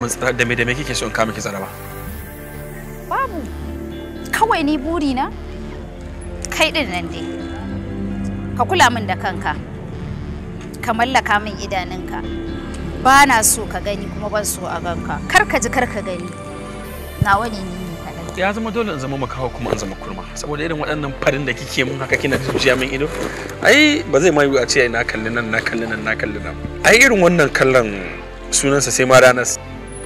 da me da me kike so in kama ki zaraba babu kawai ni buri na kai din nan dai ka kula min da kanka ka mallaka min idanunka ba na so ka gani kuma ban so a ganka kar ka ji kar ka gani Na wani ni ne kaɗai ya zama dole in zama makaho kuma in zama kurma saboda irin waɗannan farin da kike mun haka kina zuciya min ido ai ba zai ma yiwu a ce na kalli nan na kalli nan na kalli nan ai irin wannan kallon sunansa sai ma ranar